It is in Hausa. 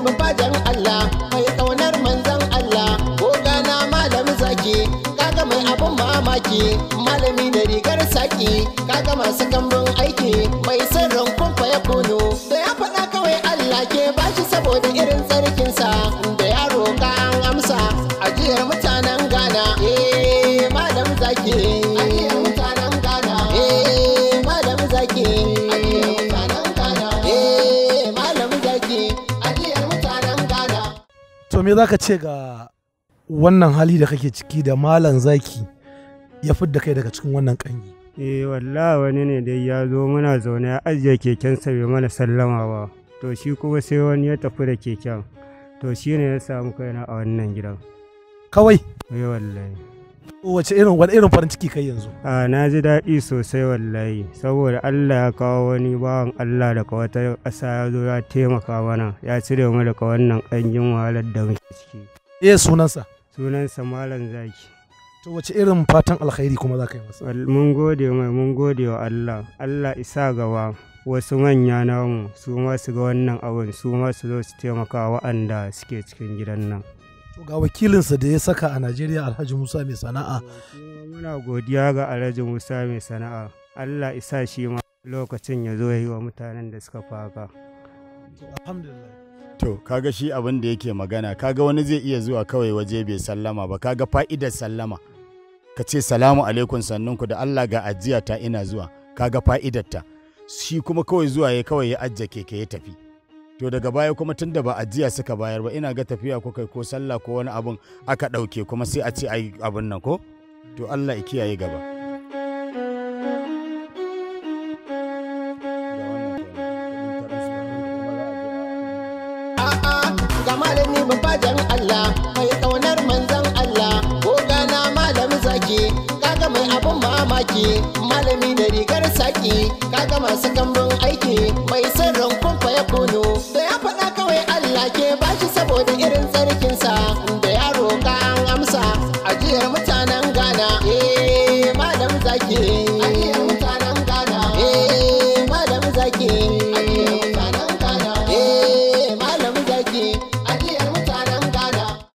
annabi bajan Allah mai kaunar manzan Allah ko gana malamin zaki kaga mai abun mamaki malami da rigar saki kaga masu kambun aiki mai sirrin kumfa ya kunu da ya faɗa kawai Allah ke bashi saboda irin tsarkinsa to me zaka ce ga wannan hali da kake ciki da malam zaki ya fidda kai daga cikin wannan kangi eh wallahi wani ne dai ya zo muna zaune a ajiye keken sa bai mana sallama ba to shi kuma sai wani ya tafi da keken to shine ya samu kaina a wannan gidan kawai eh wallahi wace irin wani irin farin ciki kai yanzu a na ji daɗi sosai wallahi saboda Allah ya kawo wani bawan Allah daga wata ƙasa ya zo ya taimaka mana ya cire mu daga wannan ƙangin wahalar da muke ciki eh sunansa sunansa malam zaki to wace irin fatan alkhairi kuma za ka yi masa mun gode mai mun gode wa Allah Allah isa gaba wasu manya namu su ma su ga wannan abin su ma su zo su taimaka wa'anda suke cikin gidan nan to ga wakilinsa da ya saka a najeriya alhaji musa mai sana'a muna godiya ga alhaji musa mai sana'a allah isa shi ma lokacin ya zo yi wa mutanen da suka faka to kaga shi abin da yake magana kaga wani zai iya zuwa kawai waje bai sallama ba kaga fa'idar sallama ka ce salamu alaikum sannunku da allah ga ajiya ta ina zuwa kaga fa'idar shi kuma kawai zuwa ya kawai ya ajiye keke ya tafi to daga baya kuma tun da ba ajiya suka bayar ba ina ga tafiya ko kai ko sallah ko wani abun aka ɗauke kuma sai a ce ai abun nan ko to Allah ya kiyaye gaba Allah mai Allah ko gana malami zaki ga mai abun mamaki malami da rigar saki kaga masu kambun aiki mai amsa da yaro ka amsa ajiyar mutanen gana eh malam zaki ajiyar